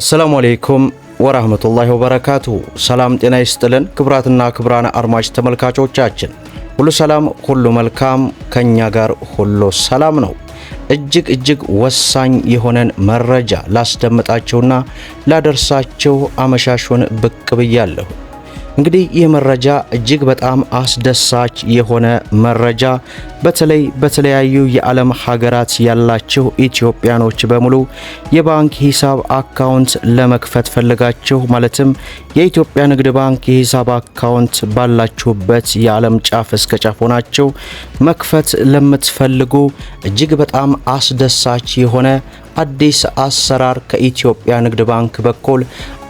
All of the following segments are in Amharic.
አሰላሙ አሌይኩም ወራህመቱላሂ ወበረካቱሁ። ሰላም ጤና ይስጥልን ክብራትና ክብራን አድማጭ ተመልካቾቻችን ሁሉ ሰላም፣ ሁሉ መልካም፣ ከኛ ጋር ሁሉ ሰላም ነው። እጅግ እጅግ ወሳኝ የሆነን መረጃ ላስደምጣችሁና ላደርሳችሁ አመሻሹን ብቅ ብያለሁ። እንግዲህ ይህ መረጃ እጅግ በጣም አስደሳች የሆነ መረጃ በተለይ በተለያዩ የዓለም ሀገራት ያላችሁ ኢትዮጵያኖች በሙሉ የባንክ ሂሳብ አካውንት ለመክፈት ፈልጋችሁ ማለትም የኢትዮጵያ ንግድ ባንክ የሂሳብ አካውንት ባላችሁበት የዓለም ጫፍ እስከ ጫፍ ሆናችሁ መክፈት ለምትፈልጉ እጅግ በጣም አስደሳች የሆነ አዲስ አሰራር ከኢትዮጵያ ንግድ ባንክ በኩል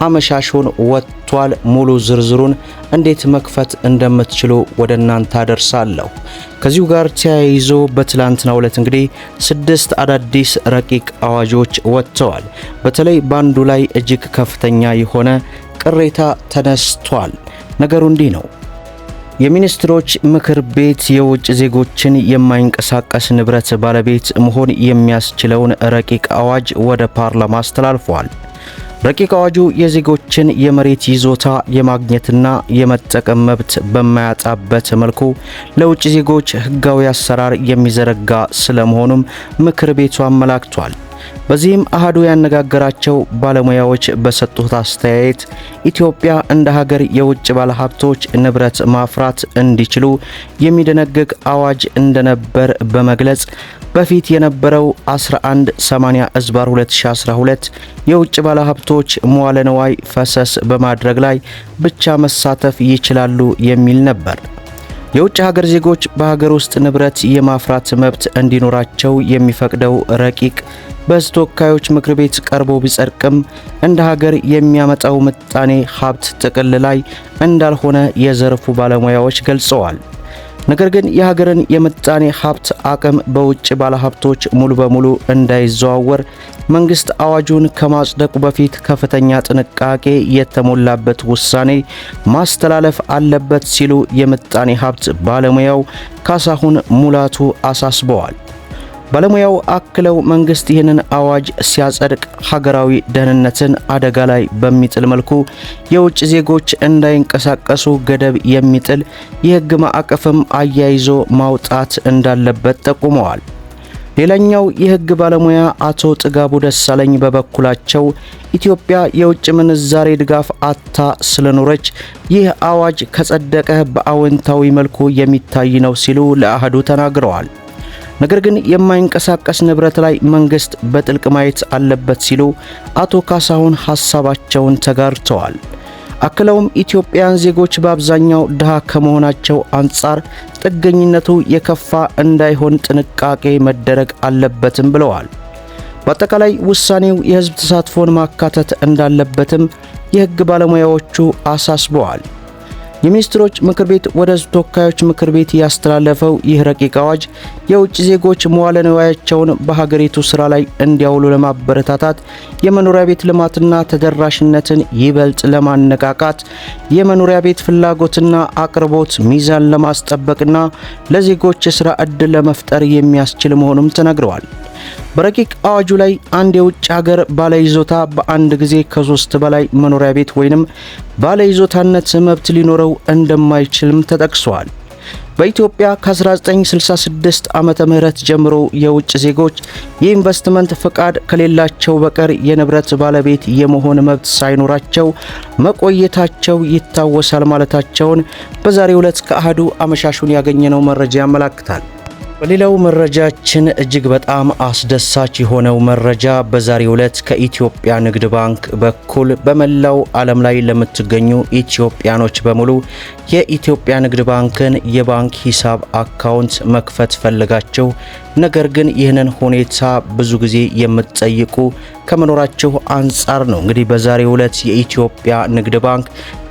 አመሻሹን ወጥቷል። ሙሉ ዝርዝሩን እንዴት መክፈት እንደምትችሉ ወደ እናንተ አደርሳለሁ። ከዚሁ ጋር ተያይዞ በትላንትናው ዕለት እንግዲህ ስድስት አዳዲስ ረቂቅ አዋጆች ወጥተዋል። በተለይ በአንዱ ላይ እጅግ ከፍተኛ የሆነ ቅሬታ ተነስቷል። ነገሩ እንዲህ ነው። የሚኒስትሮች ምክር ቤት የውጭ ዜጎችን የማይንቀሳቀስ ንብረት ባለቤት መሆን የሚያስችለውን ረቂቅ አዋጅ ወደ ፓርላማ አስተላልፏል። ረቂቅ አዋጁ የዜጎችን የመሬት ይዞታ የማግኘትና የመጠቀም መብት በማያጣበት መልኩ ለውጭ ዜጎች ሕጋዊ አሰራር የሚዘረጋ ስለመሆኑም ምክር ቤቱ አመላክቷል። በዚህም አህዱ ያነጋገራቸው ባለሙያዎች በሰጡት አስተያየት ኢትዮጵያ እንደ ሀገር የውጭ ባለሀብቶች ንብረት ማፍራት እንዲችሉ የሚደነግግ አዋጅ እንደነበር በመግለጽ በፊት የነበረው 80 እዝባር 2012 የውጭ ባለሀብቶች መዋለ ንዋይ ፈሰስ በማድረግ ላይ ብቻ መሳተፍ ይችላሉ የሚል ነበር። የውጭ ሀገር ዜጎች በሀገር ውስጥ ንብረት የማፍራት መብት እንዲኖራቸው የሚፈቅደው ረቂቅ በተወካዮች ምክር ቤት ቀርቦ ቢጸድቅም እንደ ሀገር የሚያመጣው ምጣኔ ሀብት ጥቅል ላይ እንዳልሆነ የዘርፉ ባለሙያዎች ገልጸዋል። ነገር ግን የሀገርን የምጣኔ ሀብት አቅም በውጭ ባለሀብቶች ሙሉ በሙሉ እንዳይዘዋወር መንግስት አዋጁን ከማጽደቁ በፊት ከፍተኛ ጥንቃቄ የተሞላበት ውሳኔ ማስተላለፍ አለበት ሲሉ የምጣኔ ሀብት ባለሙያው ካሳሁን ሙላቱ አሳስበዋል። ባለሙያው አክለው መንግስት ይህንን አዋጅ ሲያጸድቅ ሀገራዊ ደህንነትን አደጋ ላይ በሚጥል መልኩ የውጭ ዜጎች እንዳይንቀሳቀሱ ገደብ የሚጥል የህግ ማዕቀፍም አያይዞ ማውጣት እንዳለበት ጠቁመዋል። ሌላኛው የህግ ባለሙያ አቶ ጥጋቡ ደሳለኝ በበኩላቸው ኢትዮጵያ የውጭ ምንዛሬ ድጋፍ አታ ስለኖረች ይህ አዋጅ ከጸደቀ በአዎንታዊ መልኩ የሚታይ ነው ሲሉ ለአህዱ ተናግረዋል። ነገር ግን የማይንቀሳቀስ ንብረት ላይ መንግስት በጥልቅ ማየት አለበት ሲሉ አቶ ካሳሁን ሐሳባቸውን ተጋርተዋል። አክለውም ኢትዮጵያውያን ዜጎች በአብዛኛው ድሃ ከመሆናቸው አንጻር ጥገኝነቱ የከፋ እንዳይሆን ጥንቃቄ መደረግ አለበትም ብለዋል። በአጠቃላይ ውሳኔው የህዝብ ተሳትፎን ማካተት እንዳለበትም የሕግ ባለሙያዎቹ አሳስበዋል። የሚኒስትሮች ምክር ቤት ወደ ህዝብ ተወካዮች ምክር ቤት ያስተላለፈው ይህ ረቂቅ አዋጅ የውጭ ዜጎች መዋለ ንዋያቸውን በሀገሪቱ ስራ ላይ እንዲያውሉ ለማበረታታት፣ የመኖሪያ ቤት ልማትና ተደራሽነትን ይበልጥ ለማነቃቃት፣ የመኖሪያ ቤት ፍላጎትና አቅርቦት ሚዛን ለማስጠበቅና ለዜጎች የስራ ዕድል ለመፍጠር የሚያስችል መሆኑም ተነግረዋል። በረቂቅ አዋጁ ላይ አንድ የውጭ ሀገር ባለይዞታ በአንድ ጊዜ ከሶስት በላይ መኖሪያ ቤት ወይንም ባለይዞታነት መብት ሊኖረው እንደማይችልም ተጠቅሷል። በኢትዮጵያ ከ1966 ዓመተ ምህረት ጀምሮ የውጭ ዜጎች የኢንቨስትመንት ፈቃድ ከሌላቸው በቀር የንብረት ባለቤት የመሆን መብት ሳይኖራቸው መቆየታቸው ይታወሳል ማለታቸውን በዛሬው ዕለት ከአህዱ አመሻሹን ያገኘነው መረጃ ያመላክታል። በሌላው መረጃችን እጅግ በጣም አስደሳች የሆነው መረጃ በዛሬ ዕለት ከኢትዮጵያ ንግድ ባንክ በኩል በመላው ዓለም ላይ ለምትገኙ ኢትዮጵያኖች በሙሉ የኢትዮጵያ ንግድ ባንክን የባንክ ሂሳብ አካውንት መክፈት ፈልጋችሁ ነገር ግን ይህንን ሁኔታ ብዙ ጊዜ የምትጠይቁ ከመኖራችሁ አንጻር ነው። እንግዲህ በዛሬ ዕለት የኢትዮጵያ ንግድ ባንክ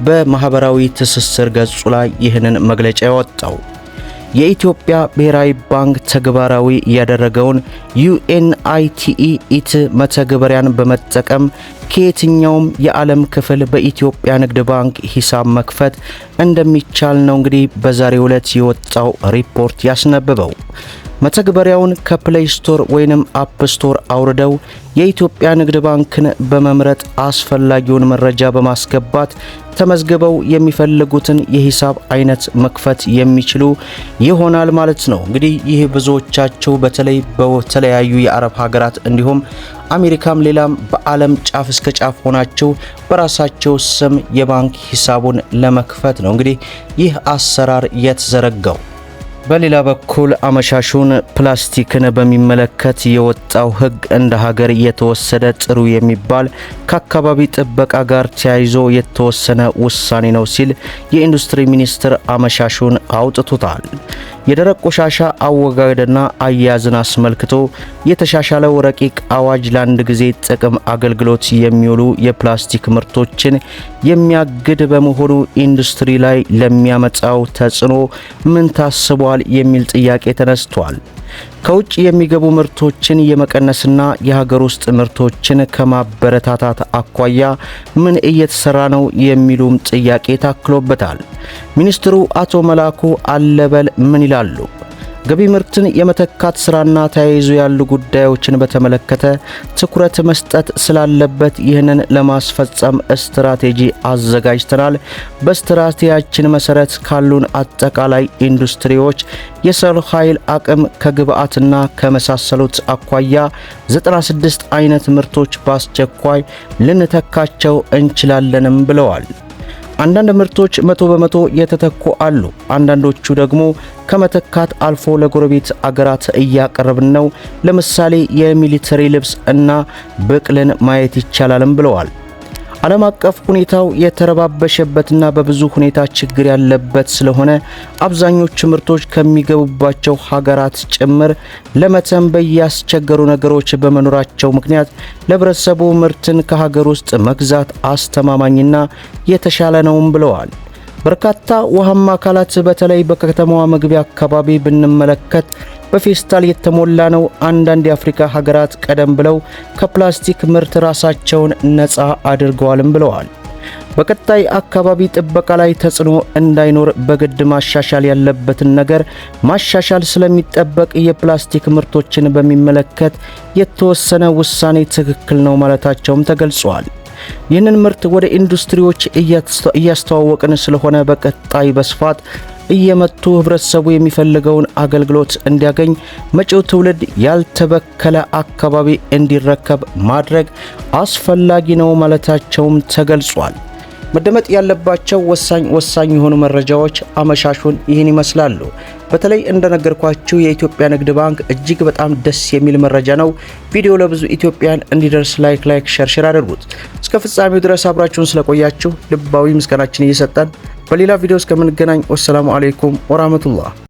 በማህበራዊ ትስስር ገጹ ላይ ይህንን መግለጫ ያወጣው የኢትዮጵያ ብሔራዊ ባንክ ተግባራዊ ያደረገውን ዩኤንአይቲኢ ኢት መተግበሪያን በመጠቀም ከየትኛውም የዓለም ክፍል በኢትዮጵያ ንግድ ባንክ ሂሳብ መክፈት እንደሚቻል ነው እንግዲህ በዛሬው ዕለት የወጣው ሪፖርት ያስነብበው። መተግበሪያውን ከፕሌይ ስቶር ወይንም አፕ ስቶር አውርደው የኢትዮጵያ ንግድ ባንክን በመምረጥ አስፈላጊውን መረጃ በማስገባት ተመዝግበው የሚፈልጉትን የሂሳብ አይነት መክፈት የሚችሉ ይሆናል ማለት ነው። እንግዲህ ይህ ብዙዎቻቸው በተለይ በተለያዩ የአረብ ሀገራት እንዲሁም አሜሪካም ሌላም በዓለም ጫፍ እስከ ጫፍ ሆናቸው በራሳቸው ስም የባንክ ሂሳቡን ለመክፈት ነው እንግዲህ ይህ አሰራር የተዘረጋው። በሌላ በኩል አመሻሹን ፕላስቲክን በሚመለከት የወጣው ሕግ እንደ ሀገር የተወሰደ ጥሩ የሚባል ከአካባቢ ጥበቃ ጋር ተያይዞ የተወሰነ ውሳኔ ነው ሲል የኢንዱስትሪ ሚኒስቴር አመሻሹን አውጥቶታል። የደረቅ ቆሻሻ አወጋገድና አያያዝን አስመልክቶ የተሻሻለው ረቂቅ አዋጅ ለአንድ ጊዜ ጥቅም አገልግሎት የሚውሉ የፕላስቲክ ምርቶችን የሚያግድ በመሆኑ ኢንዱስትሪ ላይ ለሚያመጣው ተጽዕኖ ምን ታስቧል የሚል ጥያቄ ተነስቷል። ከውጭ የሚገቡ ምርቶችን የመቀነስና የሀገር ውስጥ ምርቶችን ከማበረታታት አኳያ ምን እየተሰራ ነው የሚሉም ጥያቄ ታክሎበታል። ሚኒስትሩ አቶ መላኩ አለበል ምን ይላሉ? ገቢ ምርትን የመተካት ስራና ተያይዞ ያሉ ጉዳዮችን በተመለከተ ትኩረት መስጠት ስላለበት ይህንን ለማስፈጸም ስትራቴጂ አዘጋጅተናል። በስትራቴጂያችን መሰረት ካሉን አጠቃላይ ኢንዱስትሪዎች የሰው ኃይል አቅም ከግብአትና ከመሳሰሉት አኳያ 96 አይነት ምርቶች በአስቸኳይ ልንተካቸው እንችላለንም ብለዋል። አንዳንድ ምርቶች መቶ በመቶ የተተኩ አሉ። አንዳንዶቹ ደግሞ ከመተካት አልፎ ለጎረቤት አገራት እያቀረብን ነው። ለምሳሌ የሚሊተሪ ልብስ እና ብቅልን ማየት ይቻላልም ብለዋል። ዓለም አቀፍ ሁኔታው የተረባበሸበትና በብዙ ሁኔታ ችግር ያለበት ስለሆነ አብዛኞቹ ምርቶች ከሚገቡባቸው ሀገራት ጭምር ለመተንበይ ያስቸገሩ ነገሮች በመኖራቸው ምክንያት ለህብረተሰቡ ምርትን ከሀገር ውስጥ መግዛት አስተማማኝና የተሻለ ነውም ብለዋል። በርካታ ውሃማ አካላት በተለይ በከተማዋ መግቢያ አካባቢ ብንመለከት በፌስታል የተሞላ ነው። አንዳንድ የአፍሪካ ሀገራት ቀደም ብለው ከፕላስቲክ ምርት ራሳቸውን ነፃ አድርገዋልም ብለዋል። በቀጣይ አካባቢ ጥበቃ ላይ ተጽዕኖ እንዳይኖር በግድ ማሻሻል ያለበትን ነገር ማሻሻል ስለሚጠበቅ የፕላስቲክ ምርቶችን በሚመለከት የተወሰነ ውሳኔ ትክክል ነው ማለታቸውም ተገልጿል። ይህንን ምርት ወደ ኢንዱስትሪዎች እያስተዋወቅን ስለሆነ በቀጣይ በስፋት እየመቱ ህብረተሰቡ የሚፈልገውን አገልግሎት እንዲያገኝ መጪው ትውልድ ያልተበከለ አካባቢ እንዲረከብ ማድረግ አስፈላጊ ነው ማለታቸውም ተገልጿል። መደመጥ ያለባቸው ወሳኝ ወሳኝ የሆኑ መረጃዎች አመሻሹን ይህን ይመስላሉ። በተለይ እንደነገርኳችሁ የኢትዮጵያ ንግድ ባንክ እጅግ በጣም ደስ የሚል መረጃ ነው። ቪዲዮ ለብዙ ኢትዮጵያን እንዲደርስ ላይክ ላይክ ሸርሽር አድርጉት። እስከ ፍጻሜው ድረስ አብራችሁን ስለቆያችሁ ልባዊ ምስጋናችን እየሰጠን በሌላ ቪዲዮ እስከምንገናኝ ወሰላሙ አሌይኩም ወራህመቱላህ